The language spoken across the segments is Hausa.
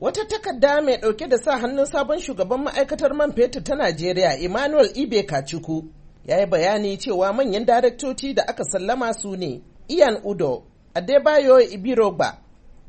Wata takarda mai ɗauke da sa hannun sabon shugaban ma'aikatar man fetur ta Najeriya Emmanuel Ibe Kachuku ya yi bayani cewa manyan daraktoci da aka sallama su ne Ian Udo, Adebayo Ibiroba,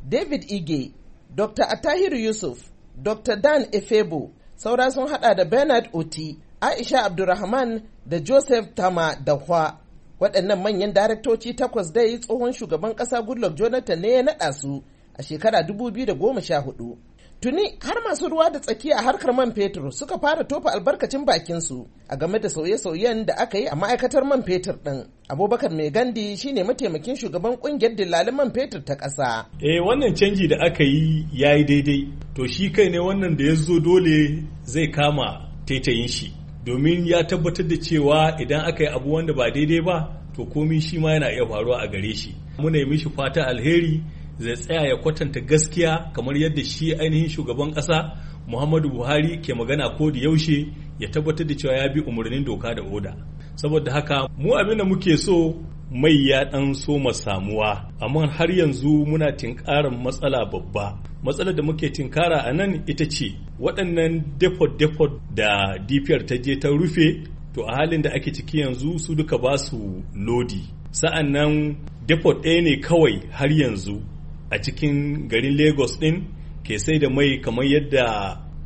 David Ige, Dr. Atahiru Yusuf, Dr. Dan Efebo, saura sun hada da Bernard Oti, Aisha Abdurrahman da Joseph Tama Dahwa. Waɗannan manyan daraktoci takwas dai tsohon shugaban ƙasa Goodluck Jonathan ne ya naɗa su. a shekara 2014. Tuni har masu ruwa da tsakiya a harkar man fetur suka fara tofa albarkacin bakinsu a game da sauye-sauyen da aka yi a ma'aikatar man fetur ɗin. Abubakar Mai Gandi shine mataimakin shugaban ƙungiyar dillalin man fetur ta ƙasa. Eh wannan canji da aka yi ya yi daidai. To shi kai ne wannan da ya zo dole zai kama taitayin shi. Domin ya tabbatar da cewa idan aka yi abu wanda ba daidai ba to komi shi ma yana iya faruwa a gare shi. Muna yi mishi fata alheri zai tsaya ya kwatanta gaskiya kamar yadda shi ainihin shugaban ƙasa muhammadu buhari ke magana ko da yaushe ya tabbatar da cewa ya bi umarnin doka da oda saboda haka mu abin da muke so mai ya ɗan ma samuwa amma har yanzu muna tinkarar matsala babba matsalar da muke tinkara a nan ita ce waɗannan depot-depot da dpr ta je ta rufe to a halin da ake ciki yanzu su duka ba su lodi sa'an nan depot ɗaya ne kawai har yanzu a cikin garin lagos din ke sai da mai kamar yadda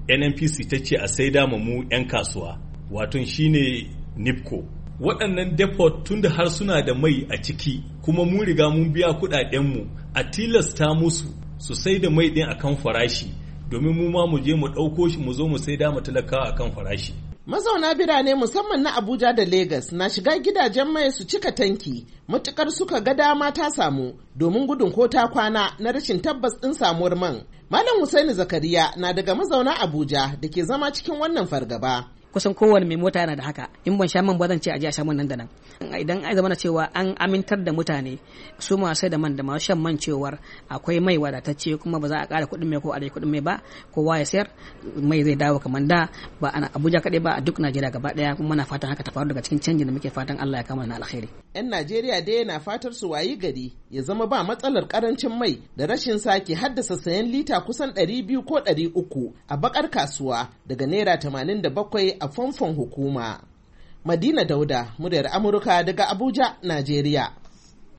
nnpc ta ce a sai dama mu 'yan kasuwa wato shine nipco waɗannan depot tun da har suna da mai a ciki kuma mu riga mun biya kuɗaɗen mu a tilasta musu su sai da mai ɗin akan farashi domin mu ma mu je mu ɗauko shi mu zo mu sai da mu talakawa akan farashi Mazauna birane musamman na Abuja da Legas na shiga gidajen mai su cika tanki matukar suka ga dama ta samu domin gudun ko ta kwana na rashin tabbas ɗin samuwar man. Malam Hussaini Zakariya na daga mazauna Abuja da ke zama cikin wannan fargaba. kusan kowane mai mota yana da haka in ban sha man ba zan ce a je a sha nan da nan idan ai zamana cewa an amintar da mutane su ma sai da man da masu shan man cewar akwai mai wadatacce kuma ba za a kara kuɗin mai ko a rage kuɗin mai ba kowa ya sayar mai zai dawo kamar da ba ana Abuja kaɗai ba a duk Najeriya gaba ɗaya kuma muna fatan haka ta faru daga cikin canjin da muke fatan Allah ya kama na alkhairi 'yan Najeriya dai yana fatar su wayi gari ya zama ba matsalar karancin mai da rashin sake haddasa sayan lita kusan 200 ko 300 a bakar kasuwa daga naira 87 a famfon hukuma. Madina Dauda, muryar Amurka daga Abuja, Najeriya.